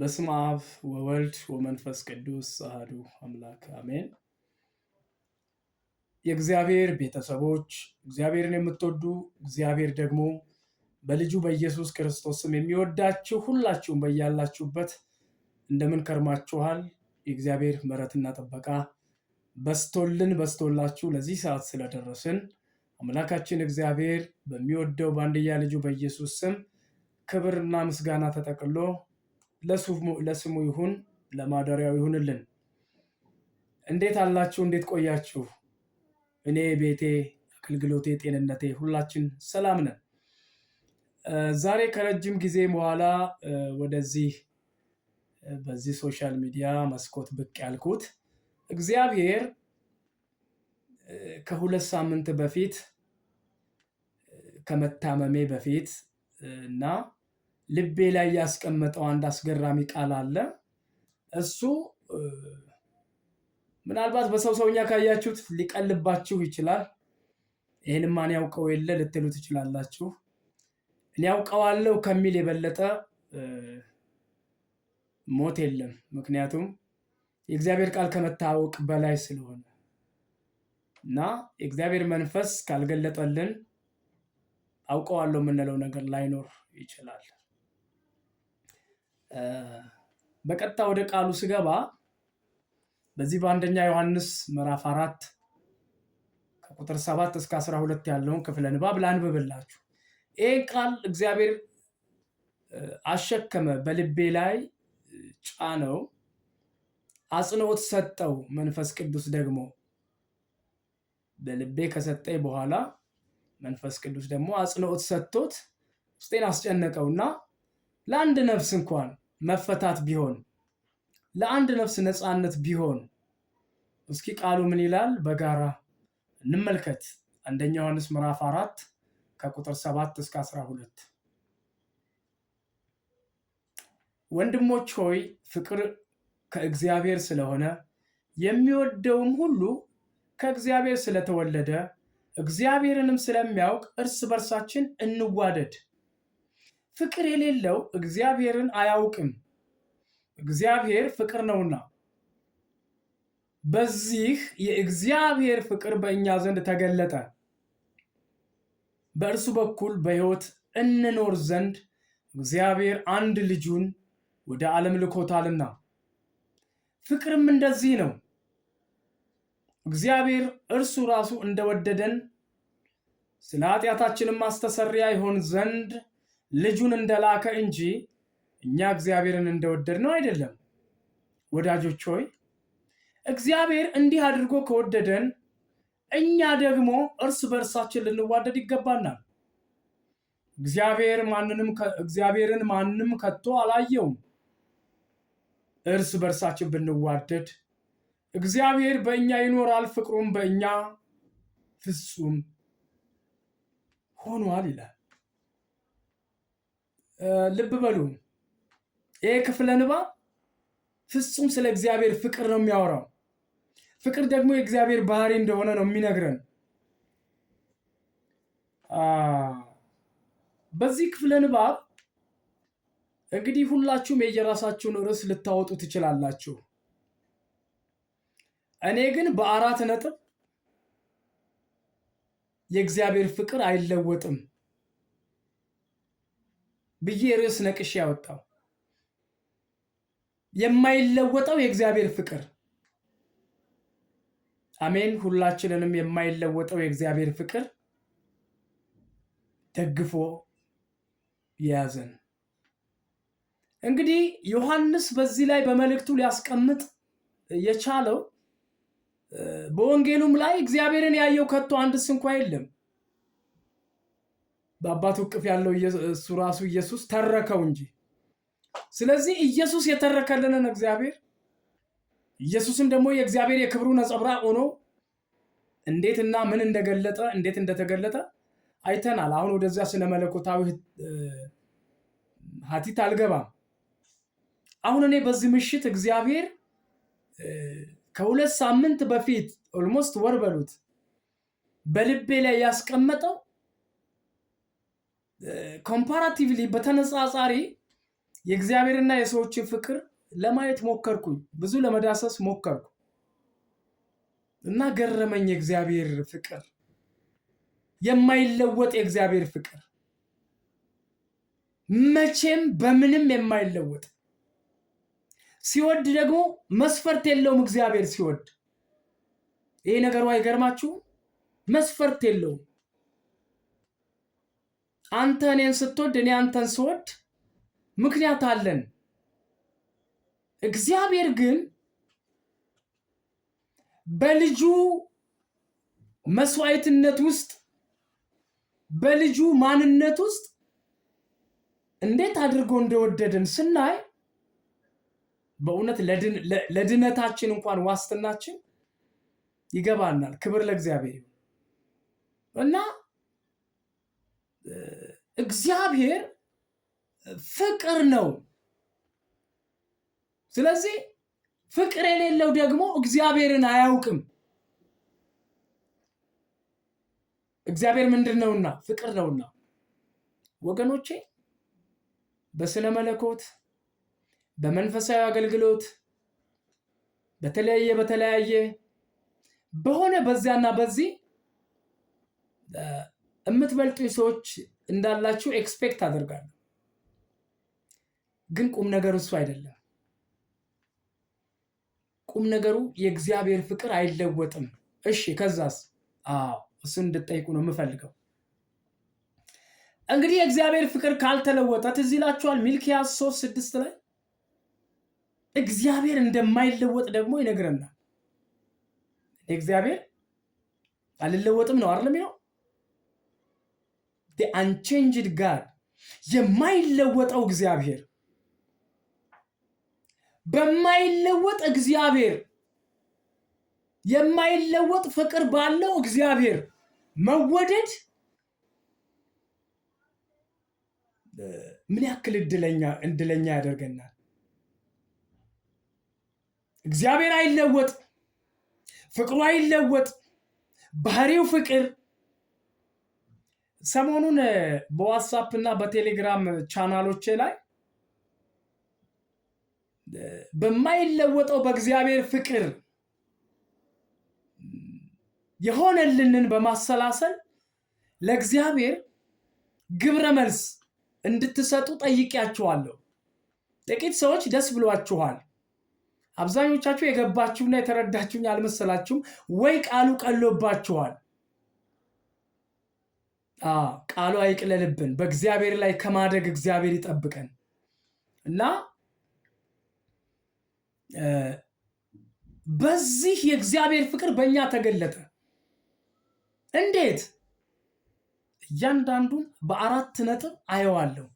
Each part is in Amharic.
በስም አብ ወወልድ ወመንፈስ ቅዱስ አህዱ አምላክ አሜን። የእግዚአብሔር ቤተሰቦች እግዚአብሔርን የምትወዱ እግዚአብሔር ደግሞ በልጁ በኢየሱስ ክርስቶስ ስም የሚወዳችሁ ሁላችሁም በያላችሁበት እንደምን ከርማችኋል? የእግዚአብሔር ምሕረትና ጥበቃ በስቶልን በስቶላችሁ ለዚህ ሰዓት ስለደረስን አምላካችን እግዚአብሔር በሚወደው በአንድያ ልጁ በኢየሱስ ስም ክብርና ምስጋና ተጠቅሎ ለስሙ ይሁን ለማደሪያው ይሁንልን። እንዴት አላችሁ? እንዴት ቆያችሁ? እኔ ቤቴ፣ አገልግሎቴ፣ ጤንነቴ ሁላችን ሰላም ነን። ዛሬ ከረጅም ጊዜ በኋላ ወደዚህ በዚህ ሶሻል ሚዲያ መስኮት ብቅ ያልኩት እግዚአብሔር ከሁለት ሳምንት በፊት ከመታመሜ በፊት እና ልቤ ላይ ያስቀመጠው አንድ አስገራሚ ቃል አለ። እሱ ምናልባት በሰው ሰውኛ ካያችሁት ሊቀልባችሁ ይችላል። ይህን ማን ያውቀው የለ ልትሉ ትችላላችሁ። እኔ ያውቀዋለሁ ከሚል የበለጠ ሞት የለም። ምክንያቱም የእግዚአብሔር ቃል ከመታወቅ በላይ ስለሆነ እና የእግዚአብሔር መንፈስ ካልገለጠልን አውቀዋለሁ የምንለው ነገር ላይኖር ይችላል። በቀጥታ ወደ ቃሉ ስገባ በዚህ በአንደኛ ዮሐንስ ምዕራፍ አራት ከቁጥር ሰባት እስከ አስራ ሁለት ያለውን ክፍለ ንባብ ላንብብላችሁ። ይህ ቃል እግዚአብሔር አሸከመ፣ በልቤ ላይ ጫነው፣ አጽንኦት ሰጠው። መንፈስ ቅዱስ ደግሞ በልቤ ከሰጠኝ በኋላ መንፈስ ቅዱስ ደግሞ አጽንኦት ሰጥቶት ውስጤን አስጨነቀውና ለአንድ ነፍስ እንኳን መፈታት ቢሆን ለአንድ ነፍስ ነፃነት ቢሆን እስኪ ቃሉ ምን ይላል? በጋራ እንመልከት። አንደኛ ዮሐንስ ምዕራፍ አራት ከቁጥር ሰባት እስከ አስራ ሁለት ወንድሞች ሆይ ፍቅር ከእግዚአብሔር ስለሆነ የሚወደውም ሁሉ ከእግዚአብሔር ስለተወለደ እግዚአብሔርንም ስለሚያውቅ እርስ በርሳችን እንዋደድ። ፍቅር የሌለው እግዚአብሔርን አያውቅም፣ እግዚአብሔር ፍቅር ነውና። በዚህ የእግዚአብሔር ፍቅር በእኛ ዘንድ ተገለጠ፣ በእርሱ በኩል በሕይወት እንኖር ዘንድ እግዚአብሔር አንድ ልጁን ወደ ዓለም ልኮታልና። ፍቅርም እንደዚህ ነው፣ እግዚአብሔር እርሱ ራሱ እንደወደደን ስለ ኃጢአታችንም ማስተሰሪያ ይሆን ዘንድ ልጁን እንደላከ እንጂ እኛ እግዚአብሔርን እንደወደድ ነው አይደለም። ወዳጆች ሆይ እግዚአብሔር እንዲህ አድርጎ ከወደደን እኛ ደግሞ እርስ በእርሳችን ልንዋደድ ይገባናል። እግዚአብሔር ማንንም እግዚአብሔርን ማንም ከቶ አላየውም። እርስ በእርሳችን ብንዋደድ እግዚአብሔር በእኛ ይኖራል፣ ፍቅሩም በእኛ ፍጹም ሆኗል ይላል። ልብ በሉ ይሄ ክፍለ ንባብ ፍጹም ስለ እግዚአብሔር ፍቅር ነው የሚያወራው። ፍቅር ደግሞ የእግዚአብሔር ባህሪ እንደሆነ ነው የሚነግረን። በዚህ ክፍለ ንባብ እንግዲህ ሁላችሁም የየራሳችሁን ርዕስ ልታወጡ ትችላላችሁ። እኔ ግን በአራት ነጥብ የእግዚአብሔር ፍቅር አይለወጥም ብዬ ርዕስ ነቅሽ ያወጣው የማይለወጠው የእግዚአብሔር ፍቅር። አሜን። ሁላችንንም የማይለወጠው የእግዚአብሔር ፍቅር ደግፎ የያዘን። እንግዲህ ዮሐንስ በዚህ ላይ በመልእክቱ ሊያስቀምጥ የቻለው በወንጌሉም ላይ እግዚአብሔርን ያየው ከቶ አንድስ እንኳ የለም በአባቱ እቅፍ ያለው እሱ ራሱ ኢየሱስ ተረከው እንጂ። ስለዚህ ኢየሱስ የተረከልንን እግዚአብሔር ኢየሱስም ደግሞ የእግዚአብሔር የክብሩ ነጸብራቅ ሆኖ እንዴት እና ምን እንደገለጠ እንዴት እንደተገለጠ አይተናል። አሁን ወደዚያ ስለ መለኮታዊ ሀቲት አልገባም። አሁን እኔ በዚህ ምሽት እግዚአብሔር ከሁለት ሳምንት በፊት ኦልሞስት ወር በሉት በልቤ ላይ ያስቀመጠው ኮምፓራቲቭሊ በተነጻጻሪ የእግዚአብሔርና የሰዎችን ፍቅር ለማየት ሞከርኩኝ፣ ብዙ ለመዳሰስ ሞከርኩ እና ገረመኝ። የእግዚአብሔር ፍቅር የማይለወጥ የእግዚአብሔር ፍቅር መቼም በምንም የማይለወጥ ሲወድ ደግሞ መስፈርት የለውም። እግዚአብሔር ሲወድ ይሄ ነገሩ አይገርማችሁም? መስፈርት የለውም። አንተ እኔን ስትወድ እኔ አንተን ስወድ ምክንያት አለን። እግዚአብሔር ግን በልጁ መስዋዕትነት ውስጥ በልጁ ማንነት ውስጥ እንዴት አድርጎ እንደወደደን ስናይ በእውነት ለድነታችን እንኳን ዋስትናችን ይገባናል። ክብር ለእግዚአብሔር እና እግዚአብሔር ፍቅር ነው። ስለዚህ ፍቅር የሌለው ደግሞ እግዚአብሔርን አያውቅም። እግዚአብሔር ምንድን ነውና? ፍቅር ነውና። ወገኖቼ በስነ መለኮት በመንፈሳዊ አገልግሎት በተለያየ በተለያየ በሆነ በዚያና በዚህ የምትበልጡ ሰዎች እንዳላችሁ ኤክስፔክት አደርጋለሁ። ግን ቁም ነገሩ እሱ አይደለም። ቁም ነገሩ የእግዚአብሔር ፍቅር አይለወጥም። እሺ ከዛስ? አዎ እሱን እንድጠይቁ ነው የምፈልገው። እንግዲህ የእግዚአብሔር ፍቅር ካልተለወጠ ትዝ ይላችኋል ሚልኪያስ ሶስት ስድስት ላይ እግዚአብሔር እንደማይለወጥ ደግሞ ይነግረናል። እግዚአብሔር አልለወጥም ነው አይደለም ያው አንቼንጅድ ጋድ የማይለወጠው እግዚአብሔር በማይለወጥ እግዚአብሔር የማይለወጥ ፍቅር ባለው እግዚአብሔር መወደድ ምን ያክል እድለኛ እድለኛ ያደርገናል። እግዚአብሔር አይለወጥ፣ ፍቅሩ አይለወጥ፣ ባህሪው ፍቅር ሰሞኑን በዋትሳፕ እና በቴሌግራም ቻናሎቼ ላይ በማይለወጠው በእግዚአብሔር ፍቅር የሆነልንን በማሰላሰል ለእግዚአብሔር ግብረ መልስ እንድትሰጡ ጠይቄያችኋለሁ። ጥቂት ሰዎች ደስ ብሏችኋል። አብዛኞቻችሁ የገባችሁና የተረዳችሁኝ አልመሰላችሁም ወይ? ቃሉ ቀሎባችኋል። ቃሉ አይቅለልብን። በእግዚአብሔር ላይ ከማደግ እግዚአብሔር ይጠብቀን እና በዚህ የእግዚአብሔር ፍቅር በእኛ ተገለጠ። እንዴት? እያንዳንዱን በአራት ነጥብ አየዋለሁ።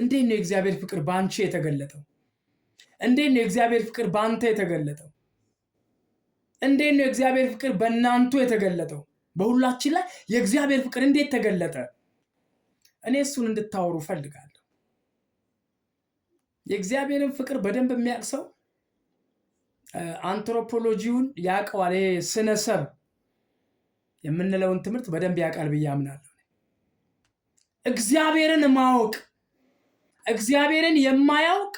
እንዴት ነው የእግዚአብሔር ፍቅር በአንቺ የተገለጠው? እንዴት ነው የእግዚአብሔር ፍቅር በአንተ የተገለጠው? እንዴት ነው የእግዚአብሔር ፍቅር በእናንቱ የተገለጠው? በሁላችን ላይ የእግዚአብሔር ፍቅር እንዴት ተገለጠ? እኔ እሱን እንድታወሩ ፈልጋለሁ? የእግዚአብሔርን ፍቅር በደንብ የሚያውቅ ሰው አንትሮፖሎጂውን ያውቀዋል። ይሄ ስነሰብ የምንለውን ትምህርት በደንብ ያውቃል ብዬ አምናለሁ። እግዚአብሔርን ማወቅ እግዚአብሔርን የማያውቅ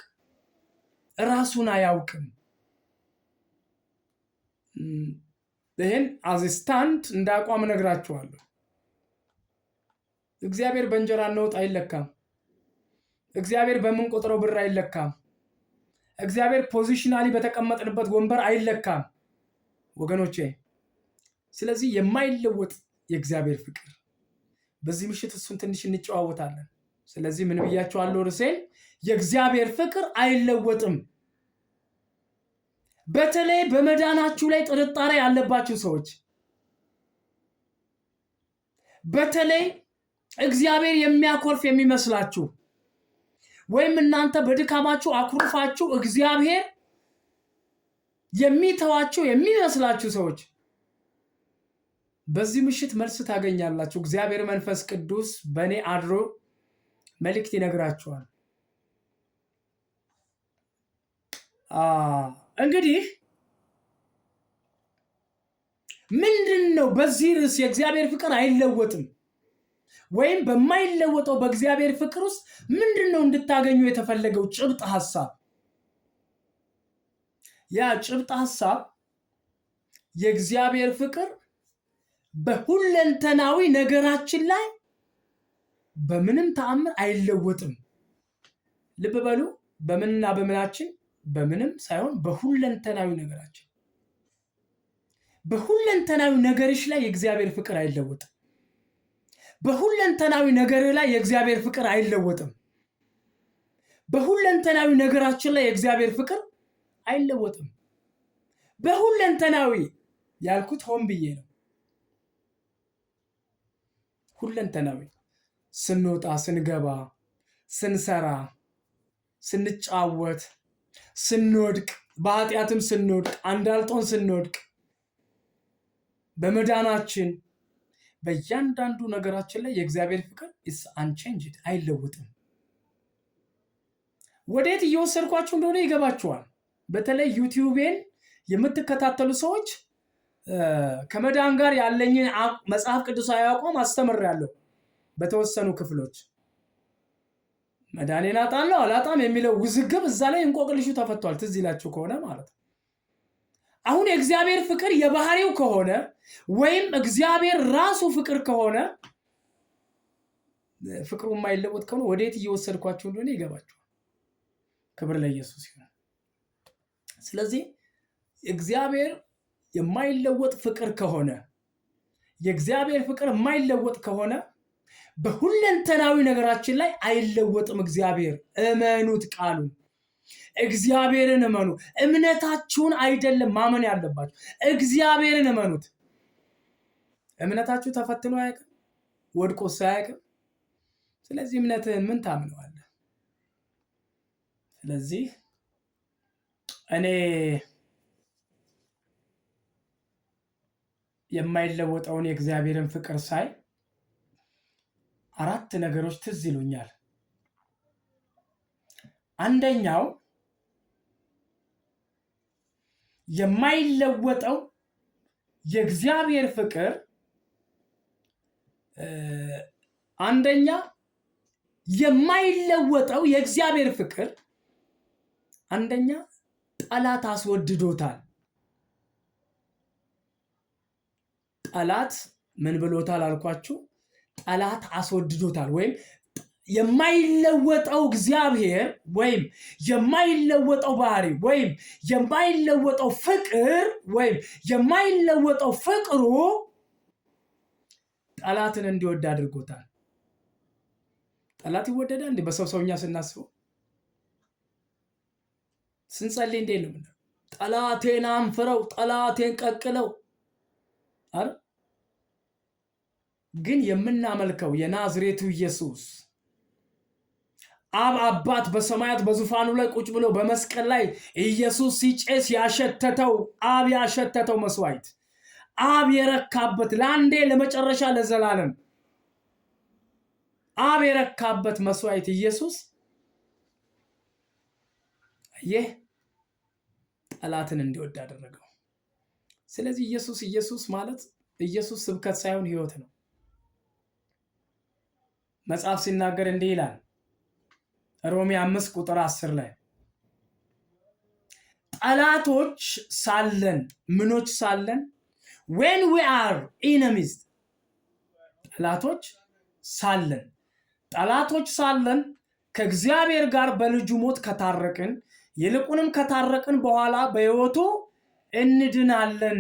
ራሱን አያውቅም። ይህን አዚስታንት እንደ አቋም ነግራችኋለሁ። እግዚአብሔር በእንጀራ ነውጥ አይለካም። እግዚአብሔር በምንቆጥረው ብር አይለካም። እግዚአብሔር ፖዚሽናሊ በተቀመጥንበት ወንበር አይለካም ወገኖቼ። ስለዚህ የማይለወጥ የእግዚአብሔር ፍቅር በዚህ ምሽት እሱን ትንሽ እንጨዋወታለን። ስለዚህ ምን ብያችኋለሁ? ርዕሴን የእግዚአብሔር ፍቅር አይለወጥም። በተለይ በመዳናችሁ ላይ ጥርጣሬ ያለባችሁ ሰዎች በተለይ እግዚአብሔር የሚያኮርፍ የሚመስላችሁ ወይም እናንተ በድካማችሁ አኩርፋችሁ እግዚአብሔር የሚተዋችሁ የሚመስላችሁ ሰዎች በዚህ ምሽት መልስ ታገኛላችሁ። እግዚአብሔር መንፈስ ቅዱስ በእኔ አድሮ መልእክት ይነግራችኋል። እንግዲህ ምንድን ነው በዚህ ርዕስ የእግዚአብሔር ፍቅር አይለወጥም ወይም በማይለወጠው በእግዚአብሔር ፍቅር ውስጥ ምንድን ነው እንድታገኙ የተፈለገው ጭብጥ ሀሳብ? ያ ጭብጥ ሀሳብ የእግዚአብሔር ፍቅር በሁለንተናዊ ነገራችን ላይ በምንም ተአምር አይለወጥም። ልብ በሉ፣ በምንና በምናችን በምንም ሳይሆን በሁለንተናዊ ነገራችን በሁለንተናዊ ነገርሽ ላይ የእግዚአብሔር ፍቅር አይለወጥም። በሁለንተናዊ ነገር ላይ የእግዚአብሔር ፍቅር አይለወጥም። በሁለንተናዊ ነገራችን ላይ የእግዚአብሔር ፍቅር አይለወጥም። በሁለንተናዊ ያልኩት ሆን ብዬ ነው። ሁለንተናዊ ስንወጣ፣ ስንገባ፣ ስንሰራ፣ ስንጫወት ስንወድቅ በኃጢአትም ስንወድቅ አንዳልጦን ስንወድቅ በመዳናችን በእያንዳንዱ ነገራችን ላይ የእግዚአብሔር ፍቅር ኢስ አንቼንጅድ አይለውጥም። ወዴት እየወሰድኳችሁ እንደሆነ ይገባችኋል። በተለይ ዩቲዩቤን የምትከታተሉ ሰዎች ከመዳን ጋር ያለኝን መጽሐፍ ቅዱሳዊ አቋም አስተምሬያለሁ በተወሰኑ ክፍሎች መድኃኒን አጣለሁ አላጣም የሚለው ውዝግብ እዛ ላይ እንቆቅልሹ ተፈቷል። ትዝ ይላችሁ ከሆነ ማለት ነው። አሁን የእግዚአብሔር ፍቅር የባህሪው ከሆነ ወይም እግዚአብሔር ራሱ ፍቅር ከሆነ ፍቅሩ የማይለወጥ ከሆነ ወዴት እየወሰድኳቸው እንደሆነ ይገባችኋል። ክብር ለኢየሱስ ይሆናል። ስለዚህ እግዚአብሔር የማይለወጥ ፍቅር ከሆነ የእግዚአብሔር ፍቅር የማይለወጥ ከሆነ በሁለንተናዊ ነገራችን ላይ አይለወጥም እግዚአብሔር። እመኑት ቃሉን እግዚአብሔርን እመኑ። እምነታችሁን አይደለም ማመን ያለባችሁ፣ እግዚአብሔርን እመኑት። እምነታችሁ ተፈትኖ አያውቅም፣ ወድቆ አያውቅም። ስለዚህ እምነትህን ምን ታምነዋለህ? ስለዚህ እኔ የማይለወጠውን የእግዚአብሔርን ፍቅር ሳይ አራት ነገሮች ትዝ ይሉኛል። አንደኛው የማይለወጠው የእግዚአብሔር ፍቅር አንደኛ የማይለወጠው የእግዚአብሔር ፍቅር አንደኛ ጠላት አስወድዶታል። ጠላት ምን ብሎታል አልኳችሁ? ጠላት አስወድዶታል ወይም የማይለወጠው እግዚአብሔር ወይም የማይለወጠው ባህሪ ወይም የማይለወጠው ፍቅር ወይም የማይለወጠው ፍቅሩ ጠላትን እንዲወድ አድርጎታል። ጠላት ይወደዳል እንዴ? በሰው ሰውኛ ስናስበው ስንጸልይ እንዴ ነው? ጠላቴን አንፍረው፣ ጠላቴን ቀቅለው ግን የምናመልከው የናዝሬቱ ኢየሱስ አብ አባት በሰማያት በዙፋኑ ላይ ቁጭ ብሎ በመስቀል ላይ ኢየሱስ ሲጨስ ያሸተተው አብ ያሸተተው መስዋዕት አብ የረካበት ለአንዴ ለመጨረሻ ለዘላለም አብ የረካበት መስዋዕት ኢየሱስ ይህ ጠላትን እንዲወድ አደረገው። ስለዚህ ኢየሱስ ኢየሱስ ማለት ኢየሱስ ስብከት ሳይሆን ህይወት ነው። መጽሐፍ ሲናገር እንዲህ ይላል ሮሜ አምስት ቁጥር አስር ላይ ጠላቶች ሳለን ምኖች ሳለን ዌን ዊ አር ኢነሚዝ ጠላቶች ሳለን ጠላቶች ሳለን ከእግዚአብሔር ጋር በልጁ ሞት ከታረቅን ይልቁንም ከታረቅን በኋላ በሕይወቱ እንድናለን።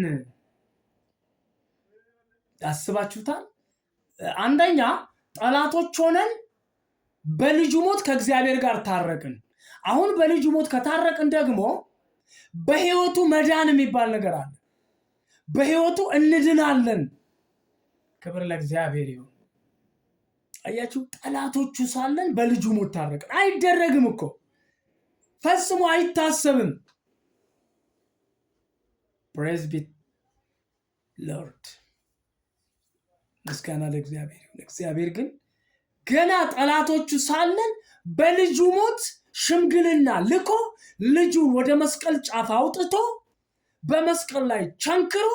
አስባችሁታል? አንደኛ ጠላቶች ሆነን በልጁ ሞት ከእግዚአብሔር ጋር ታረቅን። አሁን በልጁ ሞት ከታረቅን ደግሞ በህይወቱ መዳን የሚባል ነገር አለ። በህይወቱ እንድናለን። ክብር ለእግዚአብሔር ይሁን። አያችሁ፣ ጠላቶቹ ሳለን በልጁ ሞት ታረቅን። አይደረግም እኮ ፈጽሞ አይታሰብም። ፕሬዝቢት ሎርድ ምስጋና ለእግዚአብሔር ይሁን። እግዚአብሔር ግን ገና ጠላቶቹ ሳለን በልጁ ሞት ሽምግልና ልኮ ልጁን ወደ መስቀል ጫፍ አውጥቶ በመስቀል ላይ ቸንክሮ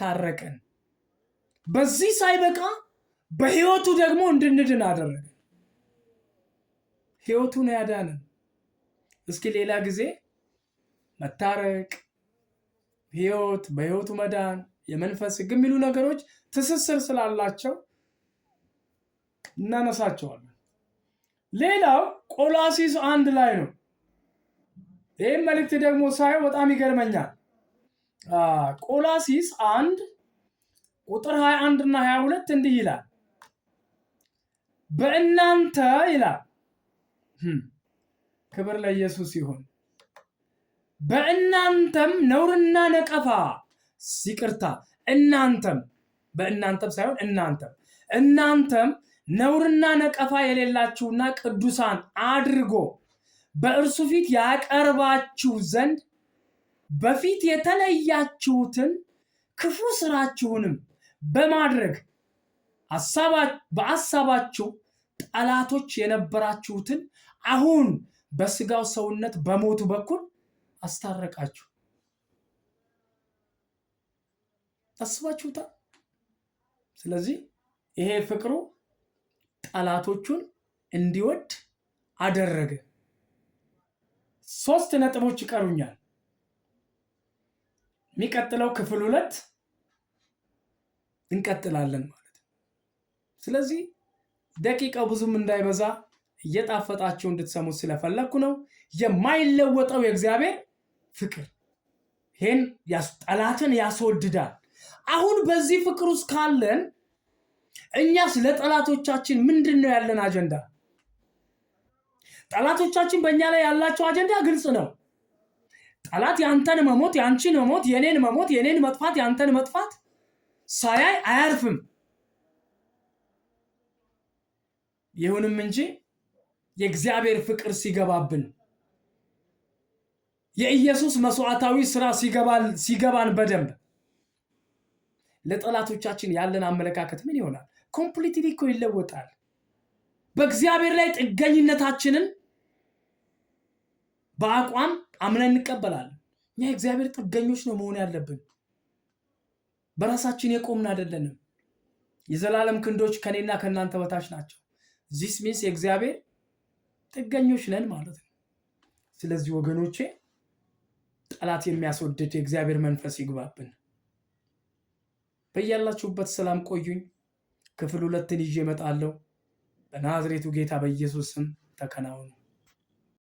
ታረቀን። በዚህ ሳይበቃ በሕይወቱ ደግሞ እንድንድን አደረገን። ሕይወቱን ያዳንን። እስኪ ሌላ ጊዜ መታረቅ፣ ሕይወት፣ በሕይወቱ መዳን የመንፈስ ሕግ የሚሉ ነገሮች ትስስር ስላላቸው እናነሳቸዋለን። ሌላው ቆላሲስ አንድ ላይ ነው። ይህም መልእክት ደግሞ ሳየው በጣም ይገርመኛል። ቆላሲስ አንድ ቁጥር 21 እና 22 እንዲህ ይላል፣ በእናንተ ይላል። ክብር ለኢየሱስ ይሁን። በእናንተም ነውርና ነቀፋ ይቅርታ፣ እናንተም በእናንተም ሳይሆን እናንተም እናንተም ነውርና ነቀፋ የሌላችሁና ቅዱሳን አድርጎ በእርሱ ፊት ያቀርባችሁ ዘንድ በፊት የተለያችሁትን ክፉ ስራችሁንም በማድረግ በአሳባችሁ ጠላቶች የነበራችሁትን አሁን በስጋው ሰውነት በሞቱ በኩል አስታረቃችሁ። አስባችሁታ። ስለዚህ ይሄ ፍቅሩ ጠላቶቹን እንዲወድ አደረገ። ሶስት ነጥቦች ይቀሩኛል። የሚቀጥለው ክፍል ሁለት እንቀጥላለን ማለት ነው። ስለዚህ ደቂቃው ብዙም እንዳይበዛ እየጣፈጣቸው እንድትሰሙት ስለፈለግኩ ነው። የማይለወጠው የእግዚአብሔር ፍቅር ይህን ጠላትን ያስወድዳል። አሁን በዚህ ፍቅር ውስጥ ካለን እኛስ ለጠላቶቻችን ምንድን ነው ያለን አጀንዳ? ጠላቶቻችን በእኛ ላይ ያላቸው አጀንዳ ግልጽ ነው። ጠላት የአንተን መሞት፣ የአንቺን መሞት፣ የኔን መሞት፣ የኔን መጥፋት፣ የአንተን መጥፋት ሳያይ አያርፍም። ይሁንም እንጂ የእግዚአብሔር ፍቅር ሲገባብን የኢየሱስ መስዋዕታዊ ስራ ሲገባን በደንብ ለጠላቶቻችን ያለን አመለካከት ምን ይሆናል? ኮምፕሊትሊ እኮ ይለወጣል። በእግዚአብሔር ላይ ጥገኝነታችንን በአቋም አምነን እንቀበላለን። እኛ የእግዚአብሔር ጥገኞች ነው መሆን ያለብን። በራሳችን የቆምን አይደለንም። የዘላለም ክንዶች ከኔና ከእናንተ በታች ናቸው። ዚስ ሚንስ የእግዚአብሔር ጥገኞች ነን ማለት ነው። ስለዚህ ወገኖቼ ጠላት የሚያስወድድ የእግዚአብሔር መንፈስ ይግባብን። በያላችሁበት ሰላም ቆዩኝ። ክፍል ሁለትን ይዤ እመጣለሁ። በናዝሬቱ ጌታ በኢየሱስ ስም ተከናውኑ።